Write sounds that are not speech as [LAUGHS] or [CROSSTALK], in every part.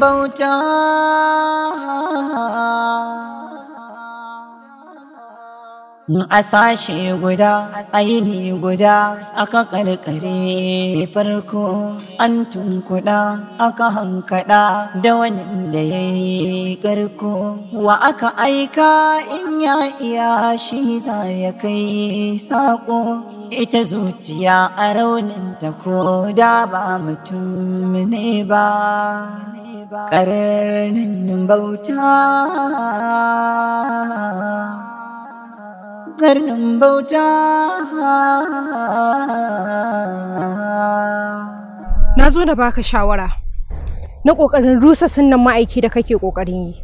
bauta a sashe guda aini guda aka karkare farko an tunkuɗa aka hankaɗa da wani da ya yi karko wa aka aika in ya iya shi za ya kai saƙo ita zuciya a raunin ta ko da ba mutum ne ba ƙararrenin bauta ƙarnin bauta na zo da baka shawara na ƙoƙarin rusa sunan ma'aiki da kake ƙoƙarin yi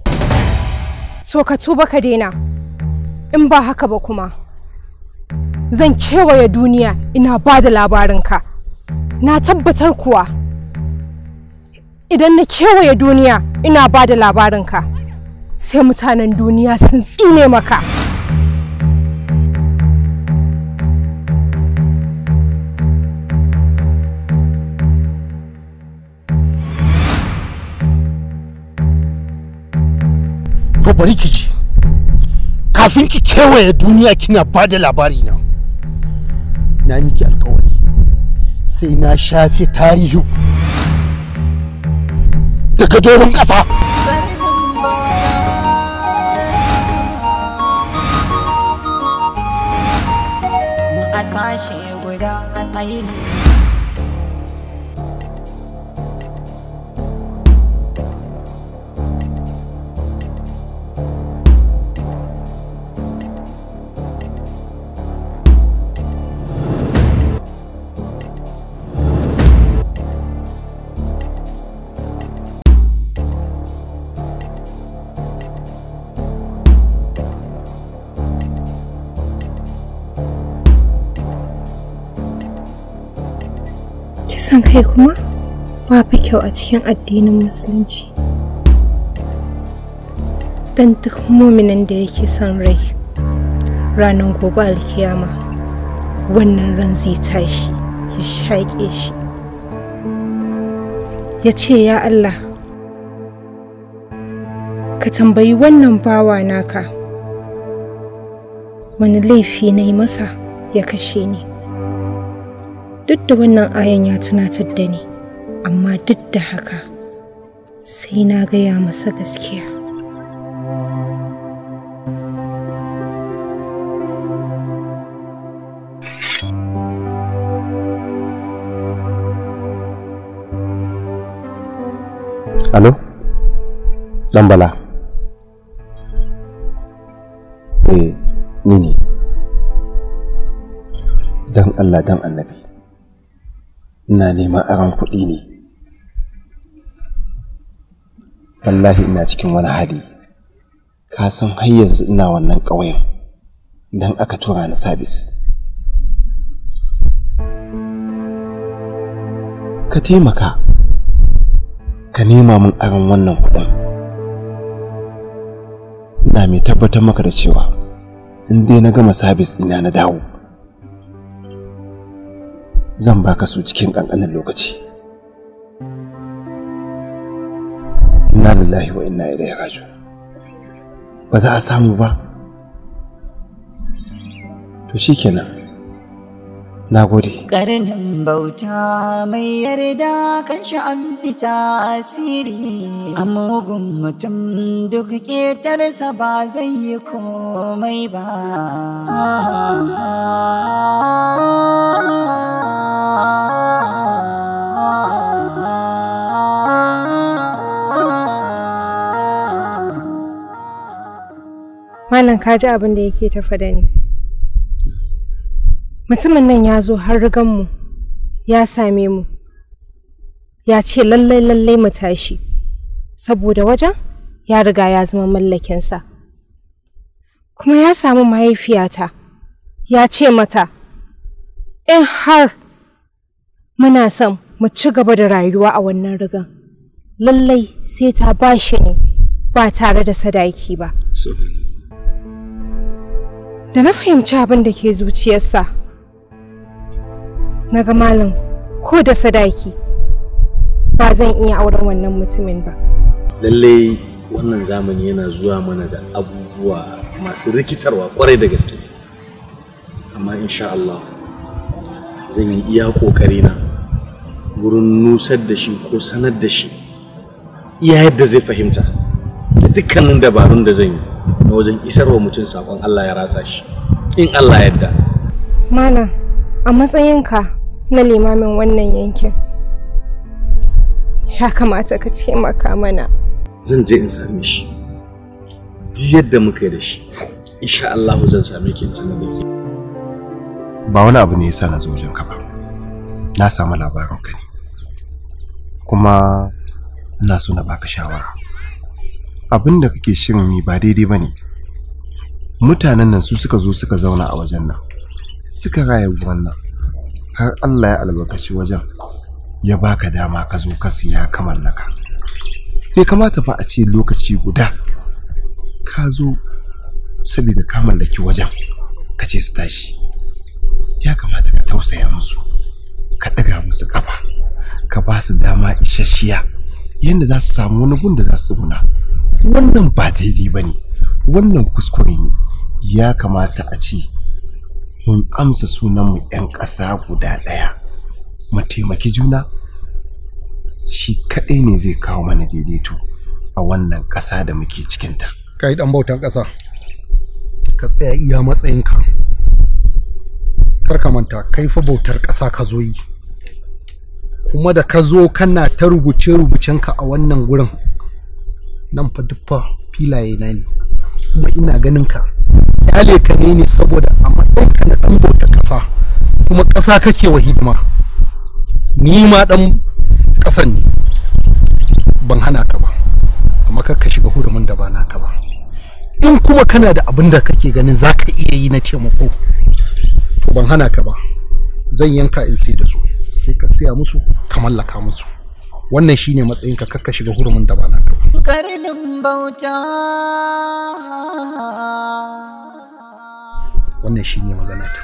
so ka tuba ka daina in ba haka ba kuma zan kewaye duniya ina ba da labarinka na tabbatar kuwa idan na kewaye duniya ina ba da labarinka sai mutanen duniya sun tsine maka to bari ki ji kafin ki kewaye duniya kina ba da labari na na miki alkawari sai na shafe tarihi da gajorin ƙasa a sashe guda a tsayin kai kuma ba fi kyau a cikin addinin musulunci don duk muminin da yake son rai ranar gobe alkiyama wannan ran zai tashi ya shaƙe shi ya ce ya Allah ka tambayi wannan bawa naka wani laifi na yi masa ya kashe ni duk da wannan ayan ya tunatar da ni amma duk da haka sai na gaya masa gaskiya Alo? Dan Bala. Eh, ni ne. Dan Allah dan Annabi. ina neman aron kuɗi ne wallahi ina cikin wani hali ka san har yanzu ina wannan ƙauyen don aka tura ni sabis ka taimaka ka nema min aron wannan kuɗin ina mai tabbatar maka da cewa in dai na gama sabis ina na dawo zan baka su cikin ƙanƙanin lokaci inna lillahi wa inna ilaihi raju. ba za a samu ba to shi nan, na gode Ƙarnin bauta mai yarda kan an fita asiri a mugun mutum duk ƙetarsa ba zai yi komai ba malam ka ji abin da yake tafa da ni mutumin nan ya zo har mu ya same mu ya ce lallai lallai mu tashi saboda wajen ya riga ya zama mallakinsa kuma ya samu mahaifiyata ya ce mata in har muna son mu ci gaba da rayuwa a wannan rigan lallai sai ta bashi shi ne ba tare da sadaki ba. da na fahimci abin da ke zuciyarsa na ga malam ko da sadaki ba zan iya auren wannan mutumin ba lallai wannan zamani yana zuwa mana da abubuwa masu rikitarwa kwarai da gaske amma insha Allah zan yi iya ƙoƙarina na wurin nusar da shi ko sanar da shi iya yadda zai fahimta da dukkanin dabarun da zan yi na wajen isarwa mutum sakon Allah ya ratsa shi in Allah yadda Mana a matsayinka na limamin wannan yankin ya kamata ka taimaka mana zan je in same shi duk yadda muka yi da shi insha Allah zan same ki in da ke. ba wani abu ne yasa na zo wajen ka ba na samu labarin ka ne kuma ina so na baka shawara abin da kake shirin yi ba daidai ba ne mutanen nan su suka zo suka zauna a wajen nan suka raya wurin nan har allah ya albarkaci wajen ya baka dama ka zo ka siya ka mallaka bai kamata ba a ce lokaci guda ka zo saboda ka mallaki wajen ka ce su tashi ya kamata ka tausaya musu ka ɗaga musu kafa ka ba su dama isasshiya yadda za su samu wani gun da za su guna wannan ba daidai ba ne wannan kuskure ne ya kamata a ce mun amsa sunanmu 'yan ƙasa guda ɗaya mu taimaki juna shi kaɗai ne zai kawo mana daidaito a wannan ƙasa da muke cikinta ka yi ɗan bautan ƙasa ka tsaya iya matsayinka kar ka manta kai fa bautar ƙasa ka zo yi kuma da ka zo kana ta rubuce-rubucenka a wannan gurin nan fa duffa filaye na ne kuma ina ganin ka kyale ka ne ne saboda a matsayinka na dan bauta ƙasa kuma ƙasa kake wa hidima ni ma dan ƙasan ne ban hana ka ba amma kar ka shiga hurumin da ba naka ba in kuma kana da abin da kake ganin za ka iya yi na taimako to ban hana ka ba zan yanka in sai da su sai ka siya musu ka mallaka musu wannan shine matsayin ka kakka shiga hurumin da ba na bauta wannan shi ne magana ta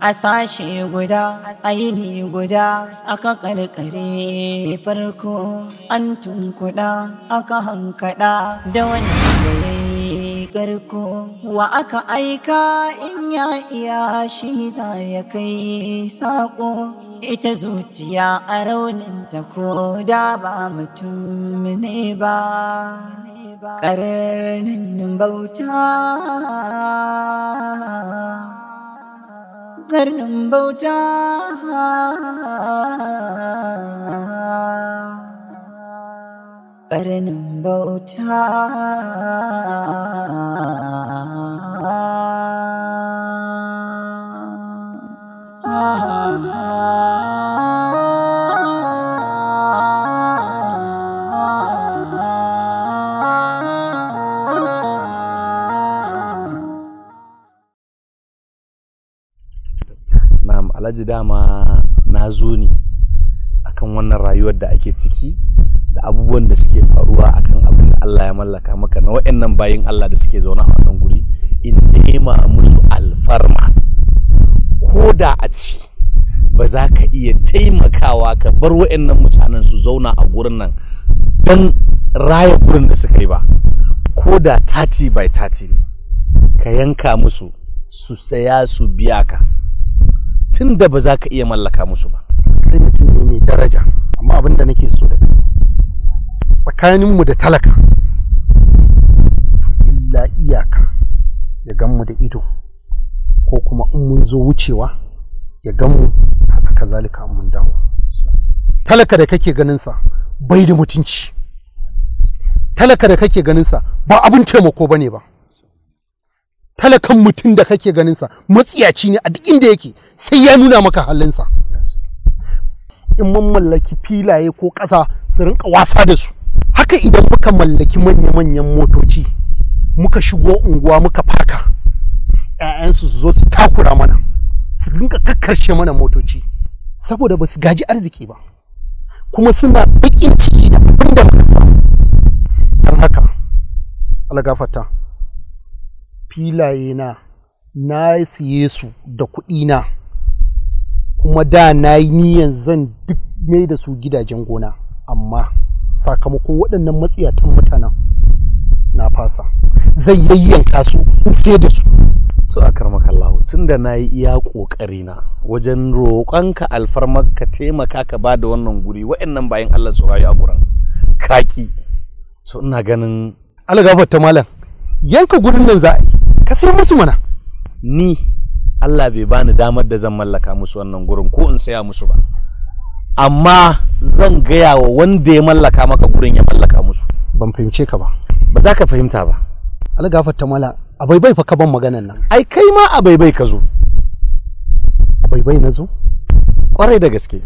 a sashe guda aini guda aka ƙarƙare farko an tunkuda aka hankada da wani karko wa aka aika in ya iya shi za ya kai saƙo ita zuciya a rauninta ko da ba mutum ne ba ƙararrinin bauta ƙarnin bauta ƙarnin bauta alhaji dama na zo ne akan wannan rayuwar da ake ciki da abubuwan da suke faruwa akan abin da Allah ya mallaka maka na wa'annan bayin Allah da suke zaune a wannan guri in nema musu alfarma koda a ci ba za ka iya taimakawa ka bar wa'annan mutanen su zauna a gurin nan don raya gurin da suka yi ba ko da tati by tati ne ka yanka musu su saya su biya ka tun da ba za ka iya mallaka musu ba kai ne mai daraja amma abin da nake so da kai tsakaninmu da talaka illa iyaka ya gan mu da ido ko kuma in mun zo wucewa ya gamu haka kazalika mun dawo talaka da kake ganinsa bai da mutunci talaka da kake ganinsa ba abin taimako bane ba talakan mutum da kake ganinsa matsiyaci ne a duk inda yake sai ya nuna maka halin sa in mun mallaki filaye ko ƙasa su rinka wasa da su haka idan muka mallaki manya-manyan motoci muka shigo unguwa muka faka Ƴaƴansu su zo su takura mana su dinka kakkarshe mana motoci saboda ba su gaji arziki ba kuma suna bikin ciki da abin da muka samu don haka algafata filaye na na siye su da kuɗi na kuma da na yi niyan zan duk mai da su gidajen gona amma sakamakon waɗannan matsiyatan mutanen na fasa zai yayyanka su in sai da su so a Allah tun da na yi iya ƙoƙari na wajen roƙonka alfarmar ka taimaka ka ba da wannan guri wa'annan bayan allah su rayu a gurin kaki so ina ganin allah ta malam yanka gurin nan za a ka sai musu mana ni allah bai bani damar da zan mallaka musu wannan gurin ko in saya musu ba amma zan gaya wa wanda ya mallaka maka gurin ya mallaka musu ban fahimce ka ba ba za ka fahimta ba gafar ta malam. a baibai fa kaban maganan nan ai kai ma a baibai ka zo a baibai na zo kwarai da gaske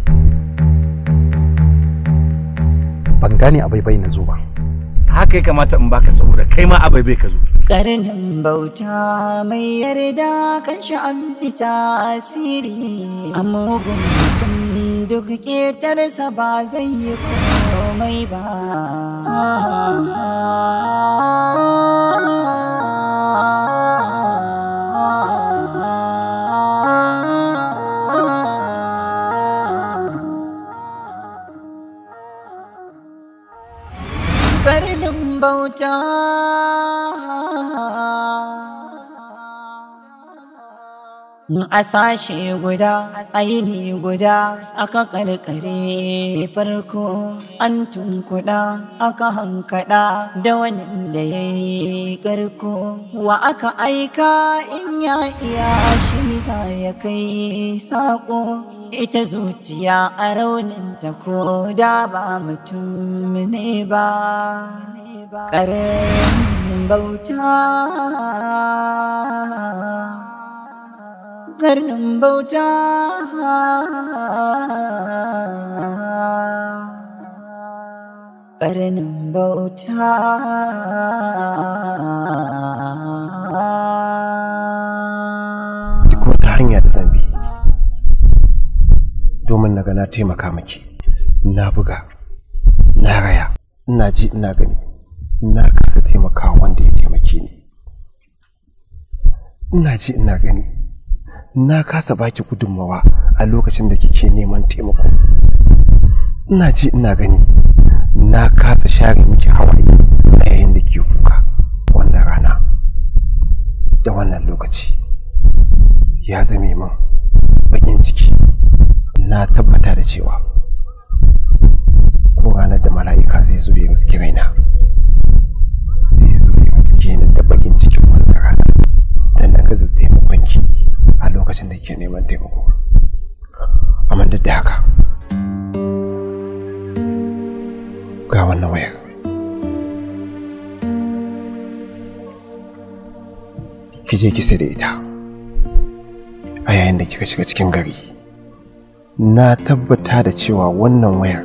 ban gane a baibai na zo ba haka ya kamata in baka saboda kai ma a baibai ka zo. Karanin bauta mai yarda kan an fita asiri a mugun mutum duk ƙetarsa ba zai yi komai ba. kyauta a sashe guda aini guda aka karkare farko an tunkuɗa aka hankaɗa da wani da ya yi karko wa aka aika in ya iya shi za ya kai saƙo ita zuciya a raunin ta ko da ba mutum ne ba ba bauta garnin bauta ƙarnin bauta duk wata hanya da domin na ga na taimaka miki na buga na raya ina ji ina gani na kasa taimaka wanda ya taimake ni ina ji ina gani na kasa baki gudunmawa a lokacin da kike neman taimako ina ji ina gani na kasa share miki hawaye a yayin da ke kuka wannan rana da wannan lokaci ya zame min bakin ciki na tabbata da cewa ko ranar da mala'ika zai zo ya riski raina da bakin cikin wannan rana da na gaza taimakon ki a lokacin da ke neman taimako amma duk da haka ga wannan wayar ki je ki da ita a yayin da kika shiga cikin gari na tabbata da cewa wannan wayar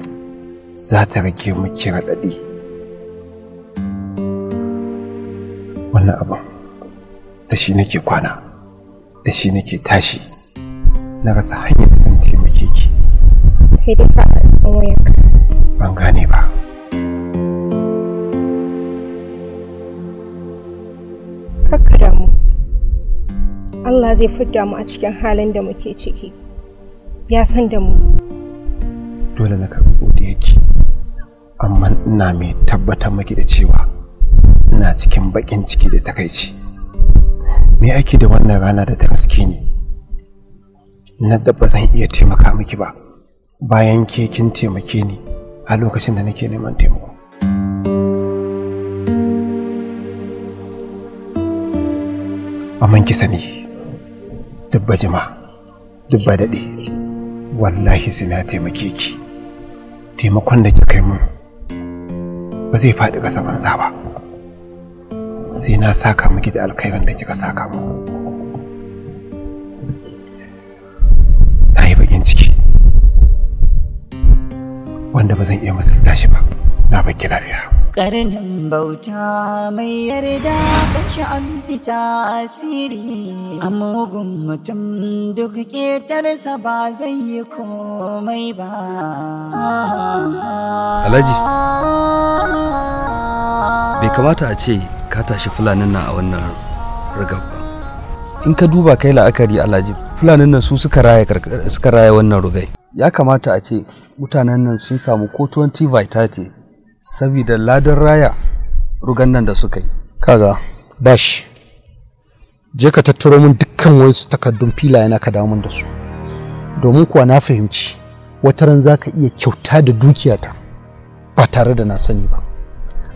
za ta rage miki raɗaɗi wannan abin da shi nake kwana da shi nake tashi na rasa hanyar da zan taimake ki kai ba a tsawon ban gane ba Allah zai fidda mu a cikin halin da muke ciki ya san da mu dole na karɓi godiyarki amma ina mai tabbatar maki da cewa ina cikin bakin ciki da takaici me ake da wannan rana da ta gaske ni na dabba zan iya taimaka miki ba bayan ke kin taimake ni a lokacin da nake neman taimako amman ki sani dubba jima dubba daɗe wallahi sai na taimake ki taimakon da kika kai mun ba zai faɗi ƙasa banza ba sai na saka miki da alkhairin da kika saka mu na bakin ciki wanda ba zan iya musulta shi ba na baki lafiya Ƙaranin bauta mai yarda kashe an fita asiri a mugun mutum duk ƙetarsa ba zai yi komai ba. Alhaji, bai kamata a ce ka tashi fulanin nan a wannan rigar ba in ka duba kai la'akari alhaji fulanin nan su suka raya suka raya wannan rugai ya kamata a ce mutanen nan sun samu ko 20 vitality saboda ladan raya rugan nan da suka yi kaga bash je ka tattaro min dukkan wasu takardun filaye na ka dawo mun da su domin kuwa na fahimci wata ran za ka iya kyauta da dukiyata ba tare da na sani ba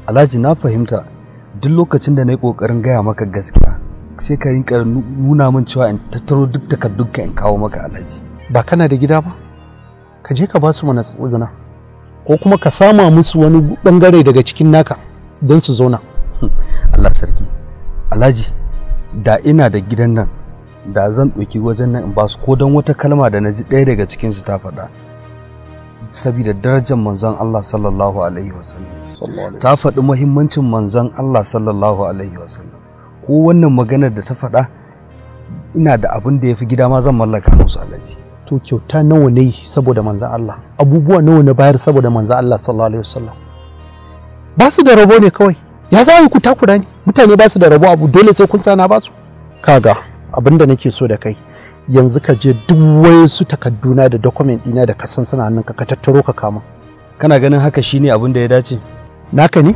alhaji na fahimta duk lokacin da na yi ƙoƙarin gaya maka gaskiya sai ka rinka nuna min cewa in tattaro duk takardunka in kawo maka alhaji ba kana da gida ba ka je ka ba su mana tsigina ko kuma ka sama musu wani bangare daga cikin naka don su zauna hmm. Allah sarki alhaji da ina da gidan nan da zan ɗauki wajen nan in ba su ko don wata kalma da na ji ɗaya daga cikin su ta faɗa saboda darajar manzon Allah sallallahu alaihi wasallam ta faɗi muhimmancin manzon Allah sallallahu alaihi wasallam ko wannan maganar da ta faɗa ina da abin da ya fi gida ma zan mallaka musu alaji to kyauta nawa ne saboda manzon Allah abubuwa nawa na bayar saboda manzon Allah sallallahu alaihi wasallam ba su da rabo ne kawai ya za ku takura ne mutane ba su da rabo abu dole sai kun sana ba su kaga abin da nake so da kai yanzu ka je duk su takadduna da document ɗina da ka suna nan ka tattaro ka kama kana ganin haka shine abin da ya dace naka ne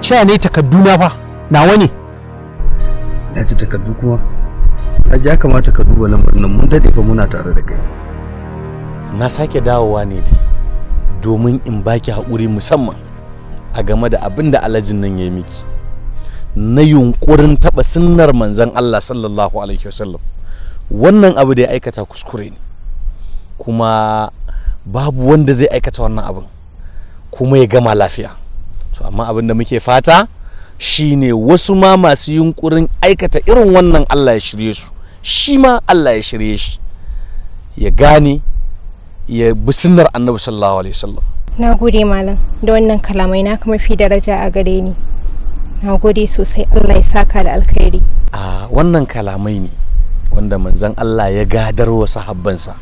cewa ne takadduna fa nawa ne na ji takaddu kuma ji ya kamata ka duba lamarin mun daɗe fa muna tare da kai na sake dawowa ne dai domin in baki haƙuri musamman a game da abin da alajin nan ya miki na yunkurin taɓa sunnar manzon Allah sallallahu alaihi wasallam wannan abu da ya aikata kuskure ne kuma babu wanda zai aikata wannan abin kuma ya gama lafiya to amma abin da muke fata shine wasu ma masu yunkurin aikata irin wannan Allah ya shirye su shi ma Allah ya shirye shi ya gane ya bi sunnar annabi sallallahu alaihi wasallam na gode malam da wannan kalamai na kuma fi daraja a gare ni na gode sosai Allah ya saka da alkhairi a wannan kalamai ne wanda manzan Allah ya gadar wa sahabbansa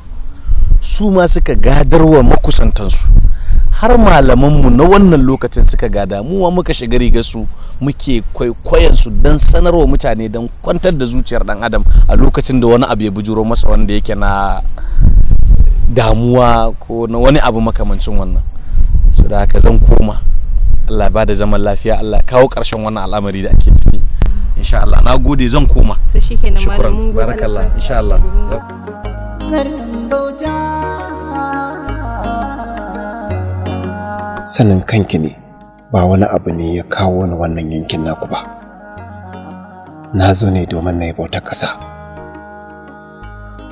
su ma suka gadar wa makusantansu har malamanmu na wannan lokacin suka gada mu muka shiga rigarsu su muke kwaikwayon su don sanarwa mutane don kwantar da zuciyar dan adam a lokacin da wani abu ya bujuro masa wanda yake na damuwa ko na wani abu makamancin wannan so da haka zan koma Allah ba da zaman lafiya Allah kawo ƙarshen wannan al'amari da ake insha Allah na gode zan koma to shikenan malamin barakallah insha Allah sanin kanki ne ba wani abu ne ya kawo ni wannan yankin naku ba na zo ne domin na yi bautar ƙasa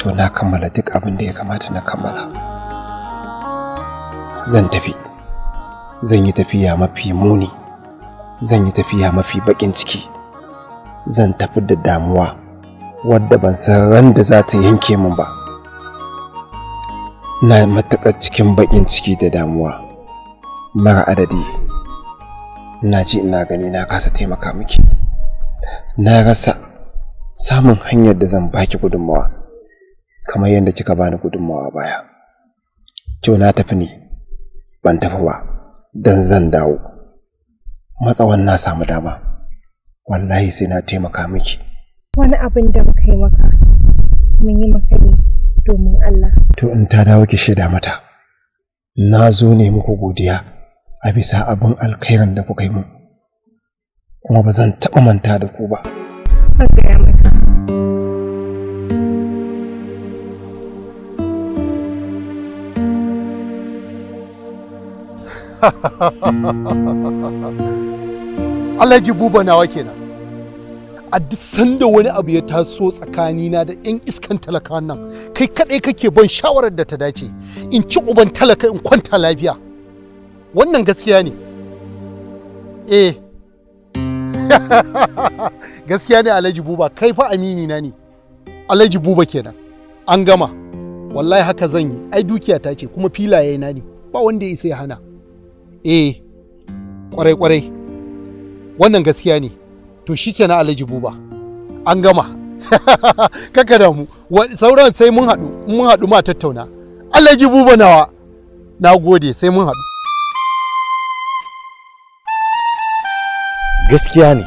to na kammala duk abin da ya kamata na kammala zan tafi zan yi tafiya mafi muni zan yi tafiya mafi baƙin ciki zan tafi da damuwa wadda ban san randa za ta yanke min ba na matuƙar cikin baƙin ciki da damuwa mara adadi na ji ina gani na kasa taimaka miki na rasa samun hanyar da zan baki gudunmawa kamar yadda kika bani gudunmawa baya kyau na tafi ne ban tafi ba don zan dawo matsawan na samu dama wallahi sai na taimaka miki wani abin da muka yi maka mun yi maka ne domin Allah to in ta dawo ki shaida mata na zo ne muku godiya a bisa abin alkhairin da kuka yi mu kuma ba zan taɓa manta da ku ba zan [LAUGHS] ji buba nawa kenan. a duk sanda wani abu ya taso tsakanina da 'yan iskan talaka nan kai kadai kake ban shawarar da ta dace in ci uban talaka in kwanta lafiya wannan gaskiya ne eh [LAUGHS] gaskiya ne alhaji buba kai fa amini na ne alhaji buba kenan an gama wallahi haka zan yi ai dukiya ta ce kuma filaye na ne ba wanda ya isa ya hana eh kwarai kwarai wannan gaskiya ne to shikenan alhaji buba an gama [LAUGHS] kaka mu sauran sai mun haɗu mun haɗu ma tattauna alhaji buba nawa na gode sai mun haɗu gaskiya ne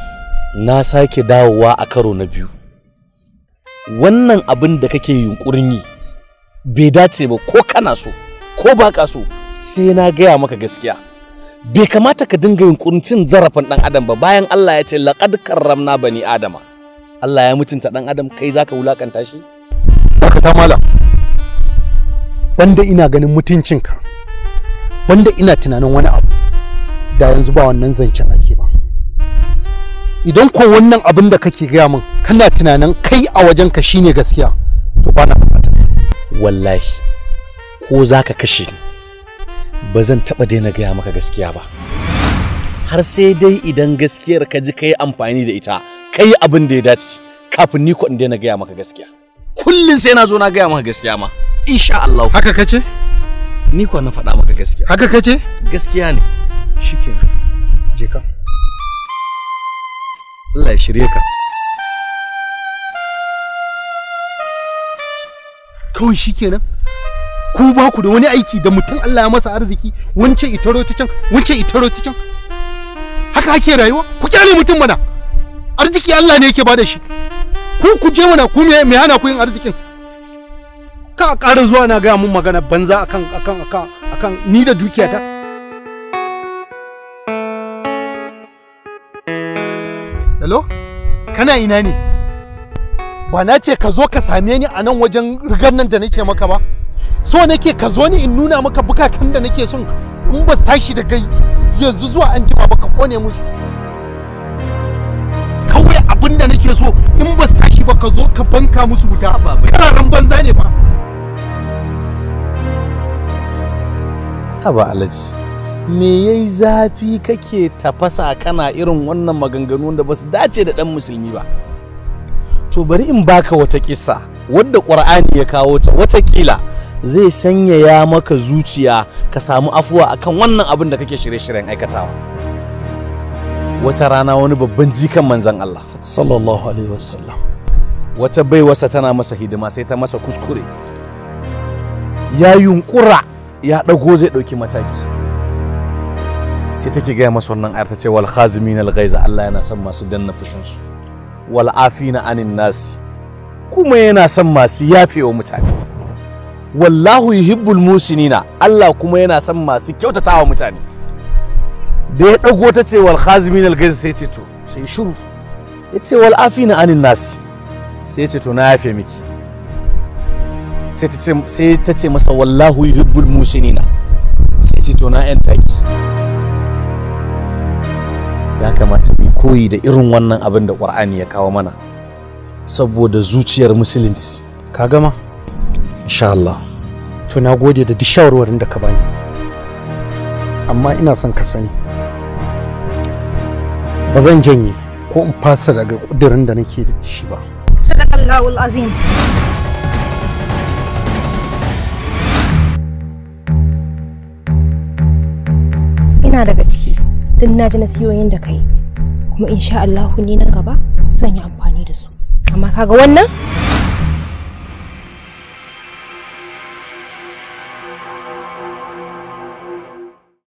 na sake dawowa a karo na biyu wannan abin da kake yunkurin yi bai dace ba ko kana so ko baka so sai na gaya maka gaskiya bai kamata ka dinga yunkurin cin zarafin dan adam ba bayan Allah ya ce laqad karramna bani adama Allah ya mutunta dan adam kai zaka wulakanta shi ta malam banda ina ganin mutuncinka banda ina tunanin wani abu da yanzu ba wannan zancen ake ba idan ko wannan abin da kake gaya min kana tunanin kai a wajenka shine gaskiya to ba na wallahi ko zaka kashe ni ba zan taɓa daina gaya maka gaskiya ba har sai dai idan gaskiyar ka ji ka yi amfani da ita ka yi abin da ya dace kafin ni ko in daina gaya maka gaskiya kullum sai na zo na gaya maka gaskiya ma insha Allah haka kace ni ko na faɗa maka gaskiya haka kace gaskiya ne shikenan je ka Allah ya shirye ka kawai shikenan ku ba ku da wani aiki da mutum Allah ya masa arziki wance itaro ta can wance itaro ta can haka ake rayuwa ku kyale mutum mana arziki Allah ne yake da shi ku ku je mana ku me me hana ku yin arzikin ka ƙara zuwa na gaya mun magana banza akan akan akan akan ni da dukiyata hello kana ina ne ba na ce ka zo ka same ni a nan wajen rigar nan da nake maka ba so nake ka zo ni in nuna maka bukakan da nake son in ba tashi da kai yanzu zuwa an jima ba ka kone musu kawai abin da nake so in ba tashi ba ka zo ka banka musu wuta kararan banza ne ba haba alaji me yayi zafi kake tafasa kana irin wannan maganganu da ba su dace da dan musulmi ba to bari in baka wata kissa wadda qur'ani ya kawo ta wata kila zai sanyaya maka zuciya ka samu afuwa akan wannan abin da kake shirye-shiryen aikatawa wata rana wani babban jikan manzan Allah sallallahu alaihi wasallam wata baiwarsa tana masa hidima sai ta masa kuskure ya yunkura ya dago zai ɗauki mataki sai take gaya masa wannan ayar ta ce wal khazimin al ghaiz Allah yana son masu danna fushinsu wal afina anin nasi kuma yana son masu yafewa mutane wallahu yuhibbul musinina Allah kuma yana son masu kyautatawa mutane da ya dago ta ce wal khazimin al sai ce to sai shuru, ya ce wal afina anin nas sai ce to na yafe miki sai ta ce masa wallahu yuhibbul musinina sai ce to na yan taki ya kamata mu koyi da irin wannan abin da Qur'ani ya kawo mana saboda zuciyar musulunci ka gama insha Allah to na gode da duk shawarwarin da ka bani amma ina son ka sani ba zan janye ko in fasa daga kudirin da nake da shi ba sadaqallahu azim ina daga ciki don na ji nasiyoyin da kai kuma insha Allah ni nan gaba zan yi amfani da su amma kaga wannan